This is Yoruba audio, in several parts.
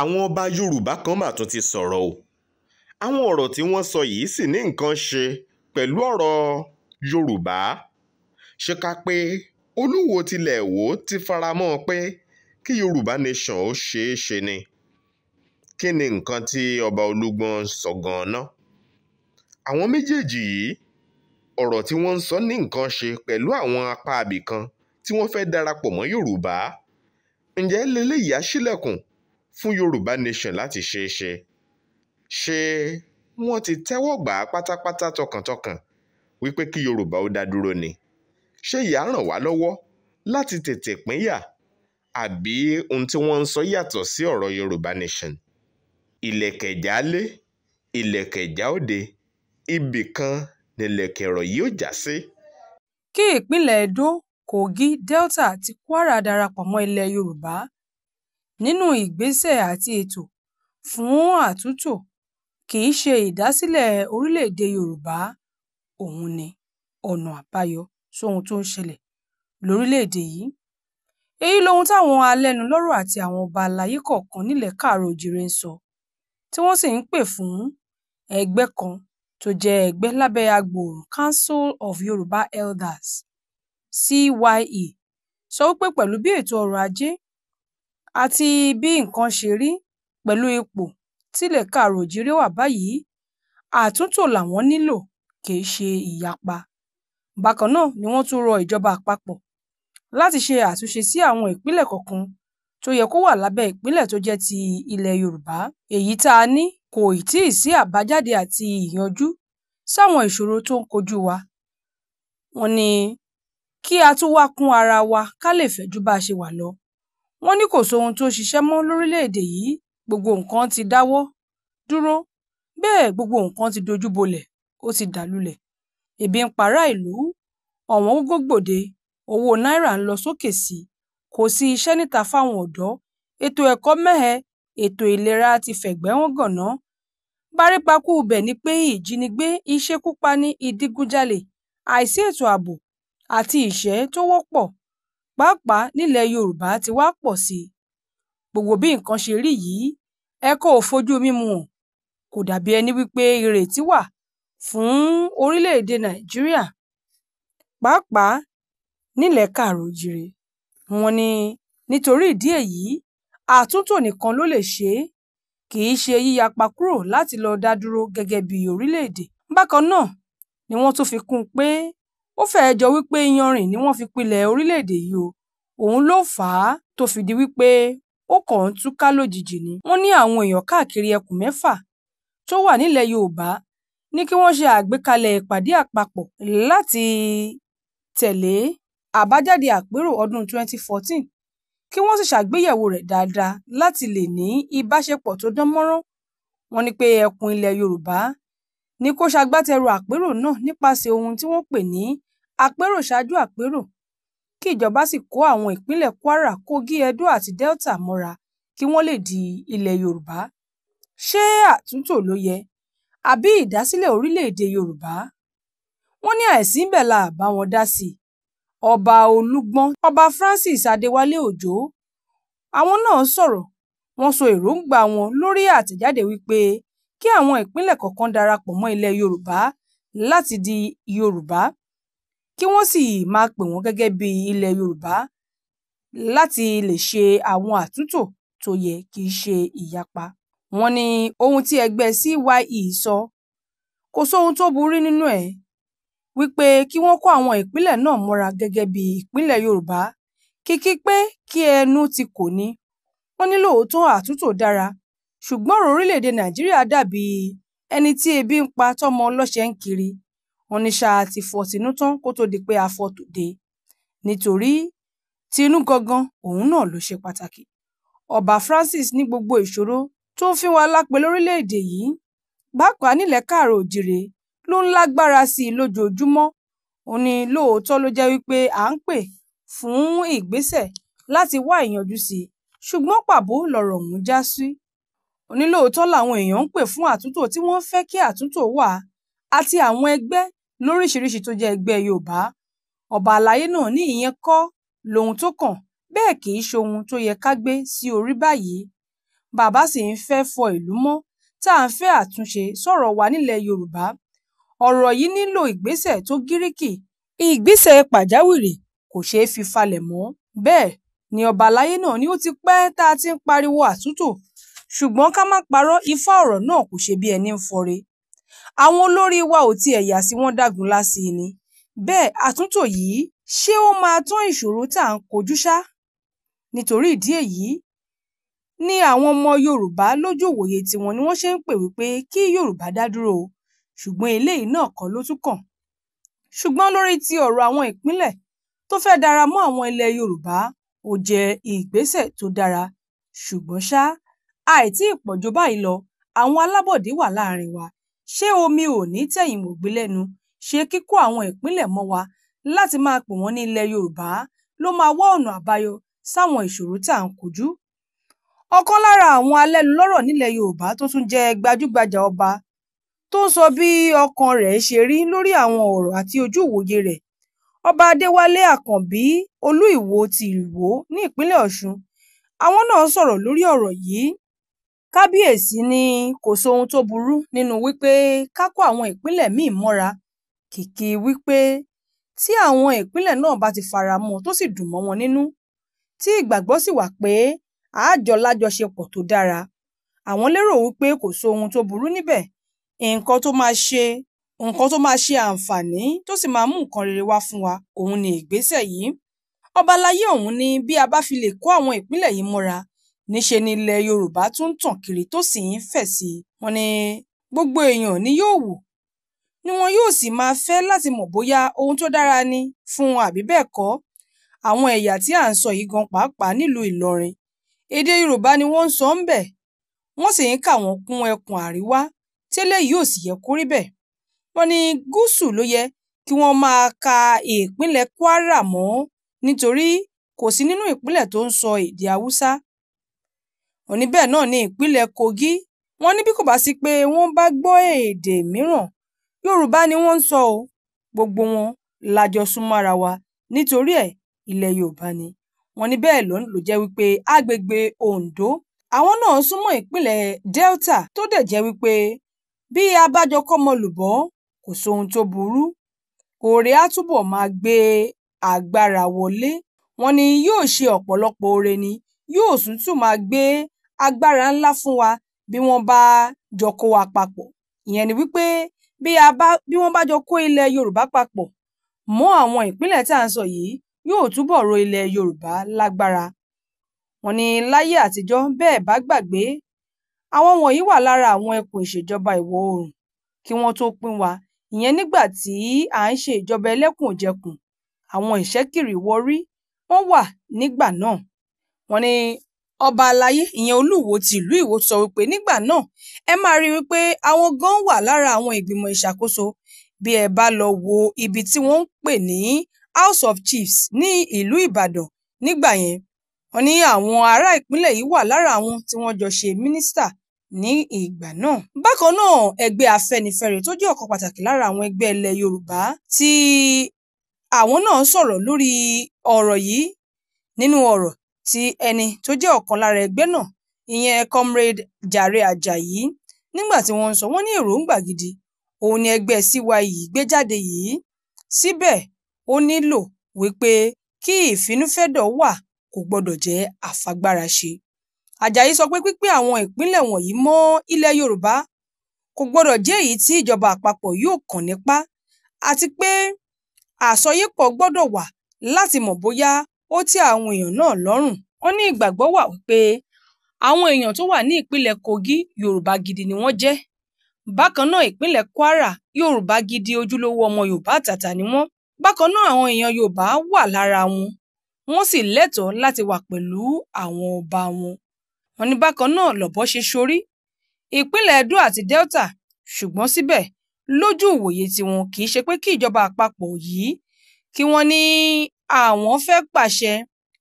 àwọn ọba yorùbá kan mà tún ti sọ̀rọ̀ o àwọn ọ̀rọ̀ tí wọ́n sọ yìí sì ní nǹkan ṣe pẹ̀lú ọ̀rọ̀ yorùbá ṣe ká pé olúwo tilẹ̀ wò ti fara mọ́ ọ pé kí yorùbá nation ó ṣeé ṣe ni kí ni nǹkan tí ọba olúgbọ́n sọ gan-an náà àwọn méjèèjì yìí ọ̀rọ̀ tí wọ́n ń sọ ní nǹkan ṣe pẹ̀lú àwọn apá abìkan tí wọ́n fẹ́ darapọ̀ mọ́ yorùbá ǹjẹ́ leléyìí á ṣílẹ̀kùn fún Yorùbá Nation láti ṣeé ṣe ṣé wọ́n ti tẹ́wọ́ gbà á pátápátá tọkàntọkàn wípé kí Yorùbá ó dá dúró ni ṣé ìyá ràn wá lọ́wọ́ láti tètè pínyà àbí ohun tí wọ́n ń sọ yàtọ̀ sí ọ̀rọ̀ Yorùbá Nation ìlẹ̀kẹ̀já lé ìlẹ̀kẹ̀já òde ibì kan nílẹ̀kẹ̀ ọ̀rọ̀ yìí ó já sí. kí ìpínlẹ̀ Edo Kogi Delta àti Kwara darapọ̀ mọ́ ilẹ̀ Yorùbá nínú ìgbésẹ̀ àti ètò fún àtúntò kì í ṣe ìdásílẹ̀ orílẹ̀-èdè Yorùbá òun ni ọ̀nà àbáyọ sóhun tó ń ṣẹlẹ̀ lórílẹ̀-èdè yìí, èyí lohun táwọn alẹ́nulọ́rọ̀ àti àwọn ọba aláyé kọ̀ọ̀kan nílẹ̀ Káàárọ̀-oòjíire ń sọ, tí wọ́n sì ń pè fún ẹgbẹ́ kan tó jẹ́ ẹgbẹ́ lábẹ́ agbòòrùn Council of Yorùbá Elders (CYE) sọ wípé pẹ̀lú bí ètò ọrọ̀ ajé àti bí nǹkan ṣe rí pẹ̀lú ipò tílẹ̀ Káàárọ̀-oòjíire wà báyìí, àtúntò làwọn nílò kì í ṣe ìyapa. Bákan náà ni wọ́n tún rọ ìjọba àpapọ̀ láti ṣe àtúnṣe sí àwọn ìpínlẹ̀ kọ̀ọ̀kan tó yẹ kó wà lábẹ́ ìpínlẹ̀ tó jẹ́ ti ilẹ̀ Yorùbá, èyí tá a ní kò ì tíì sí àbájáde àti ìyanjú sáwọn ìṣòro tó ń kojú wa. Wọ́n ní kí a tún wá kún ara wa ká lè fẹ̀ ju bá a ṣe wà lọ wọ́n ní kò sóhun tó ṣiṣẹ́ mọ́ lórílẹ̀‐èdè yìí gbogbo nǹkan ti dáwọ́ dúró bẹ́ẹ̀ gbogbo nǹkan ti dojú bolẹ̀ ó ti dàlúlẹ̀ ebi ń para ìlú ọ̀wọ́n gógó gbòde owó náírà ń lọ sókè sí i kò sí iṣẹ́ níta fáwọn ọ̀dọ́ ètò ẹ̀kọ́ mẹ́hẹ ètò ìlera ti fẹ̀gbẹ́ wọn gànná báríbakú ibẹ̀ ni pé ìjínigbé ìṣekúpani ìdígunjalè àìsí ètò ààbò àti ìṣẹ́ tó wọ́pọ̀ pàápàá nílẹ̀ Yorùbá ti wá pọ̀ sí i. Gbogbo bí nǹkan ṣe rí yìí, ẹ̀kọ ò fojú mímu hàn, kò dàbí ẹni wípé ìrètí wà fún orílẹ̀-èdè Nàìjíríà, pàápàá nílẹ̀ Káàárọ̀-o-ò-jíire. Wọ́n ní nítorí ìdí èyí, àtúntò nìkan ló lè ṣe kì í ṣe yíyapa kúrò láti lọ dá dúró gẹ́gẹ́ bí orílẹ̀-èdè. Bákan náà ni wọ́n tún fi kún un pé ó fẹ́ẹ́ jọ wípé iyanrìn ni wọ́n fi pilẹ̀ orílẹ̀-èdè yìí o òun ló fà á tó fi di wípé ó kàn ń túká lójijì ni wọ́n ní àwọn èèyàn káàkiri ẹkùn mẹ́fà tó wà nílẹ̀ Yorùbá ní kí wọ́n ṣe àgbékalẹ̀ ìpàdé àpapọ̀ láti tẹ̀lé àbájáde àpérò ọdún 2014 kí wọ́n sì ṣàgbéyẹ̀wò rẹ̀ dáadáa láti lè ní ìbáṣepọ̀ tó dán mọ́rán. Wọ́n ní pé ẹkùn ilẹ̀ Yorùbá ní kó ṣagbátẹrù àpérò náà nípasẹ̀ ohun tí wọ́n pè ní àpérò ṣáájú àpérò kí ìjọba sì kó àwọn ìpínlẹ̀ Kwara, Kogi, Edo àti Delta mọ́ra kí wọ́n lè di ilẹ̀ Yorùbá. Ṣé àtúntò ló yẹ? Àbí ìdásílẹ̀ orílẹ̀-èdè Yorùbá? Wọ́n ní àìsí ńbẹ̀ la bá wọn dá sí Ọba Olúgbọ́n, Ọba Francis Adéwálé Òjó, àwọn náà sọ̀rọ̀, wọ́n sọ èròǹgbà wọn lórí àtẹ̀jáde wípé kí àwọn ìpínlẹ̀ kọ̀ọ̀kan darapọ̀ mọ́ ilẹ̀ Yorùbá láti di Yorùbá kí wọ́n sì máa pè wọ́n gẹ́gẹ́ bí ilẹ̀ Yorùbá láti lè ṣe àwọn àtúntò tó yẹ kì í ṣe ìyapa. Wọ́n ní ohun tí ẹgbẹ́ CYE sọ "kò sóhun tó burú nínú ẹ̀" wípé kí wọ́n kó àwọn ìpínlẹ̀ náà mọ́ra gẹ́gẹ́ bí ìpínlẹ̀ Yorùbá kìkì pé kí ẹnu ti kò ní, wọ́n ní lóòótọ́ àtúntò dára ṣùgbọ́n ọ̀rọ̀ orílẹ̀-èdè nàìjíríà dà bíi ẹni tí ebi ń pa tọ́mọ ọlọ́ṣẹ̀ ń kiri wọn ní ṣáá ti fọ́ tinú tán kó tóó di pé a fọ́ tòde nítorí tinú gangan òun náà ló ṣe pàtàkì ọba francis ní gbogbo ìṣòro tó ń fín wa lápè lórílẹ̀-èdè yìí pàápàá nílẹ̀ káàrọ̀ òjìrè ló ń lágbára sí i lójoojúmọ́ ó ní lóòótọ́ ló jẹ́ wípé à ń pè fún ìgbésẹ̀ láti wá ìyanjú sí i ṣùgbọ́n pàbó lọ̀rọ̀ ọ̀hún já sí onílòótọ́ làwọn èèyàn ń pè fún àtúntò tí wọ́n fẹ́ kí àtúntò wà àti àwọn ẹgbẹ́ lóríṣìíríṣìí tó jẹ́ ẹgbẹ́ Yorùbá ọba àlàyé náà ní ìyẹn kọ́ lohun tó kàn bẹ́ẹ̀ kì í ṣohun tó yẹ ká gbé sí orí báyìí bàbá sì ń fẹ́ fọ ìlú mọ́ tá à ń fẹ́ àtúnṣe sọ̀rọ̀ wa nílẹ̀ Yorùbá ọ̀rọ̀ yìí nílò ìgbésẹ̀ tó gíríkì ìgbésẹ̀ pàjáwìrì kò ṣeé fi falẹ̀ mọ́ bẹ́ẹ̀ ni ọba àlàyé náà ni ó ti pẹ́ tá a ti ń pariwo àtúntò ṣùgbọ́n ká má parọ́ ifá ọ̀rọ̀ náà kò ṣe bí ẹni ń fọre àwọn olórí wa ò tiẹ̀ yà sí wọn dágunlá sí i ni bẹ́ẹ̀ àtúntò yìí ṣé ó máa tán ìṣòro tá à ń kojú ṣá nítorí ìdí èyí ni àwọn ọmọ Yorùbá lójú òwòye tiwọn ni wọ́n ṣe ń pè wípé kí Yorùbá dá dúró o ṣùgbọ́n eléyìí náà kọ́ ló tún kàn ṣùgbọ́n lórí ti ọ̀rọ̀ àwọn ìpínlẹ̀ tó fẹ́ dara mọ́ àwọn ilẹ̀ Yorùbá ó jẹ́ ìgbésẹ̀ tó dára ṣùgbọ́n ṣá àìtí ìpọ̀jù báyìí lọ àwọn alábọ̀dé wà láàrin wa ṣé omi ò ní tẹ̀yìn wògbé lẹ́nu ṣé kíkó àwọn ìpínlẹ̀ mọ́ wa láti máa pè wọ́n ní ilẹ̀ Yorùbá ló máa wá ọ̀nà àbáyọ sáwọn ìṣòro tá à ń kojú ọ̀kan lára àwọn alẹ́nulọ́rọ̀ nílẹ̀ Yorùbá tó tún jẹ́ gbajúgbajà ọba tó ń sọ bí ọkàn rẹ̀ ṣe rí lórí àwọn ọ̀rọ̀ àti ojú ìwòye rẹ̀ ọba Adéwálé Àkànbí Olú Ìwó ti Ìwó ní ìpínlẹ̀ Ọ̀ṣun àwọn náà sọ̀rọ̀ lórí ọ̀rọ̀ yìí kábíyèsí ni kò sóhun tó burú nínú wípé ká kó àwọn ìpínlẹ̀ míì mọ́ra kìkì wípé tí àwọn ìpínlẹ̀ náà bá ti fara mọ́ tó sì dùn mọ́ wọn nínú tí ìgbàgbọ́ sì wà pé àájọ lájọṣepọ̀ tó dára àwọn lérò wípé kò sóhun tó burú níbẹ̀ nǹkan tó máa ṣe nǹkan tó máa ṣe àǹfààní tó sì máa mú nǹkan rere wá fún wa òun ni ìgbésẹ̀ yìí ọba àlàyé ọ̀hún ni bí a bá fi lè kó àwọn ìpínlẹ̀ yìí mọ́ra níṣe nílẹ̀ yorùbá tún ń tàn kiri tó sì ń fẹ̀ sí i wọn ni gbogbo èèyàn ni yóò wò ni wọn yóò sì máa fẹ́ láti mọ̀ bóyá ohun tó dára ni fún àbí bẹ́ẹ̀ kọ́ àwọn ẹ̀yà tí à ń sọ yìí gan pàápàá nílùú ìlọrin èdè yorùbá ni wọ́n ń sọ ń bẹ̀ wọ́n sì ń kà wọ́n kún ẹkùn àríwá tẹ́lẹ̀ yóò sì yẹ kó rí bẹ́ẹ̀ wọ́n ní gúúsù ló yẹ kí wọ́n máa ka ìpínlẹ̀ kwara mọ́ nítorí kò sí nínú ìpínlẹ̀ tó ń sọ èdè haúsá òní bẹ́ẹ̀ náà ní ìpínlẹ̀ Kogi wọ́n ní bí kò bá sí pé wọ́n bá gbọ́ èdè mìíràn Yorùbá ni wọ́n ń sọ o gbogbo wọn la jọ wa nítorí ẹ̀ ilẹ̀ Yorùbá ni wọ́n ní bẹ́ẹ̀ ló jẹ́ wípé agbègbè Ondo àwọn náà súnmọ́ ìpínlẹ̀ Delta tó dẹ̀ jẹ́ wípé bí abájọ kọ́mọ lùbọ́ kò sóhun tó burú oore á túbọ̀ máa gbé agbára wọlé wọ́n ní yóò ṣe ọ̀pọ̀lọpọ̀ oore ni yóò sì tún máa gbé agbára ńlá fún wa bí wọ́n bá jọ kó wa papọ̀. Ìyẹn ni wípé bí a bá bí wọ́n bá jọ kó ilẹ̀ Yorùbá papọ̀ mọ́ àwọn ìpínlẹ̀ tá à ń sọ yìí yóò túbọ̀ ro ilẹ̀ Yorùbá lágbára. Wọ́n ní láyé àtijọ́ bẹ́ẹ̀ bá gbàgbé àwọn wọ̀nyí wà lára àwọn ẹkùn ìṣèjọba ìwọ̀ oòrùn kí wọ́n tó pín wa ìyẹn nígbà tí à ń ṣe ìjọba ẹlẹ́kùn-jẹkùn àwọn ìṣẹ́kiri Warri wọ́n wà nígbà náà. Wọ́n ní ọba alayé ìyẹn olúwo ti ìlú ìwọ sọ wípé nígbà náà ẹ máa rí wípé àwọn gan wà lára àwọn ìgbìmọ̀ ìṣàkóso bí ẹ bá lọ wo ibi tí wọ́n ń pè ní house of chiefs ní ìlú ìbàdàn nígbà yẹn wọ́n ní àwọn ará ìpínlẹ̀ yìí wà lára àwọn tí wọ́n jọ ṣe mínísítà ní ìgbà náà. bákan náà ẹgbẹ́ afẹ́nifẹ́re tó jẹ́ ọ̀kan pàtàkì lára àwọn ẹgbẹ́ ilẹ̀ yorùbá tí àwọn náà sọ̀rọ̀ lórí ọ̀rọ̀ yìí nínú ọ̀rọ̀ ti ẹni tó jẹ́ ọ̀kan lára ẹgbẹ́ náà ìyẹn comrade Jàre Àjàyí nígbà tí wọ́n ń sọ wọ́n ní èròǹgbà gidi òun ni ẹgbẹ́ CY e gbé jáde yìí síbẹ̀ ó nílò wípé kí ìfinúfẹ́dọ̀ wà kò gbọdọ̀ jẹ́ àfagbáraṣe Àjàyí sọ pé pípín àwọn ìpínlẹ̀ wọ̀nyí mọ́ ilẹ̀ Yorùbá kò gbọdọ̀ jẹ́ èyí tí ìjọba àpapọ̀ yóò kàn nípá àti pé àsọyépọ̀ gbọdọ̀ wà láti mọ̀ bóyá ó tẹ́ àwọn èèyàn náà lọ́rùn wọ́n ní ìgbàgbọ́ wà wípé àwọn èèyàn tó wà ní ìpínlẹ̀ Kogi Yorùbá gidi ni wọ́n jẹ́ bákan náà ìpínlẹ̀ Kwara Yorùbá gidi ojúlówó ọmọ Yorùbá àtàtà ni wọ́n bákan náà àwọn èèyàn Yorùbá wà lára wọn wọ́n sì lẹ́tọ̀ọ́ láti wà pẹ̀lú àwọn ọba wọn wọ́n ní bákan náà lọ̀bọ ṣe sorí ìpínlẹ̀ Edo àti Delta ṣùgbọ́n síbẹ̀ lójú ìwòye tiwọn kì í ṣe pé kí ìjọba àpapọ̀ yìí kí wọ́n ní àwọn fẹ́ pàṣẹ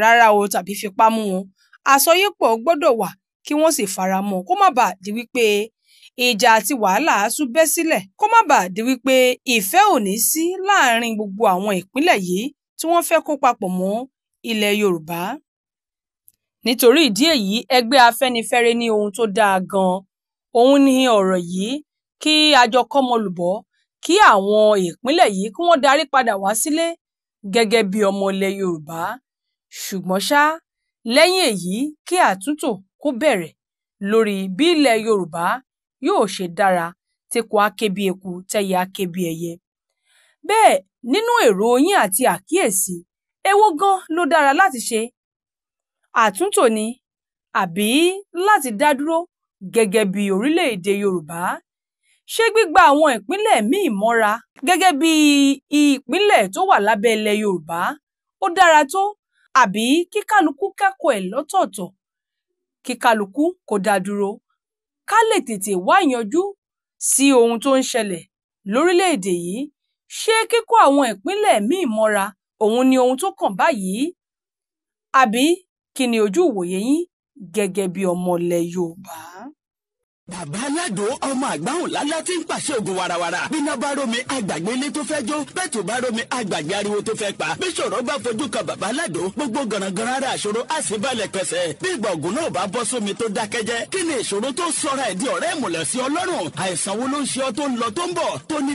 rárá o tàbí fipá mú wọn àsọyépọ̀ gbọ́dọ̀ wà kí wọ́n sì faramọ́ kó má bàa di wípé ìjà àti wàhálà tún bẹ́ sílẹ̀ kó má bàa di wípé ìfẹ́ ò ní sí láàrin gbogbo àwọn ìpínlẹ̀ yìí tí wọ́n fẹ́ kó papọ̀ mọ́ ilẹ̀ Yorùbá nítorí ìdí èyí ẹgbẹ́ Afẹ́nifẹ́re ní ohun tó dáa gan-an òun ni ọ̀rọ̀ yìí kí àjọ kọ́mọlùbọ́ kí àwọn ìpínlẹ̀ yìí kí wọ́n darí padà wá sílé gẹ́gẹ́ bí ọmọ ilẹ̀ Yorùbá, ṣùgbọ́n ṣá, lẹ́yìn èyí kí àtúntò kó bẹ̀rẹ̀ lórí bí ilẹ̀ Yorùbá yóò ṣe dára teko á ké bí eku tẹ́yẹ á ké bí ẹyẹ. Bẹ́ẹ̀ nínú èrò yín àti àkíyèsí, èwo gan ló dára láti ṣe? Àtúntò ni àbí láti dá dúró gẹ́gẹ́ bí orílẹ̀-èdè Yorùbá? ṣé gbígba àwọn ìpínlẹ̀ míì mọ́ra gẹ́gẹ́ bí ìpínlẹ̀ tó wà lábẹ́ ilẹ̀ Yorùbá ó dára tó àbí kí kálukú kẹ́kọ̀ọ́ ẹ̀ lọ́tọ̀ọ̀tọ̀ kí kálukú kó dá dúró ká lè tètè wá ìyanjú sí ohun tó ń ṣẹlẹ̀ lórílẹ̀‐èdè yìí ṣé kíkó àwọn ìpínlẹ̀ míì mọ́ra òun ni ohun tó kàn báyìí àbí kí ni ojú ìwòye yín gẹ́gẹ́ bí ọmọ ilẹ̀ Yorùbá bàbá aládò ọmọ àgbáhùn lálá tí ń pàṣẹ ogun warawara bíná bá romi àgbàgbé ilé tó fẹ́ jó bẹ́ẹ̀tù bá romi àgbàgbé ariwo tó fẹ́ pa bí ṣòro bá fojú kan bàbá aládò gbogbo gànàgànà ara àṣòro á sì balẹ̀ pẹ̀sẹ̀ bí gbọ̀ngùn náà bá bọ́ sómi tó dákẹ́jẹ́ kí ni ìṣòro tó sọra ẹ̀ di ọ̀rẹ́ ìmùlẹ̀ sí ọlọ́run àìsàn wo ló ń ṣe ọ tó ń lọ tó ń bọ̀ tó ní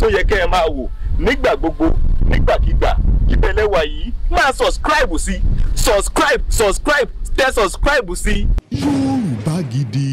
tó yẹ kẹ́ ẹ máa wò nígbà gbogbo nígbàkigbà ìbẹ̀lẹ̀wà yìí máa subscribe sí subscribe subscribe tẹ subscribe sí. Yorùbá Gidi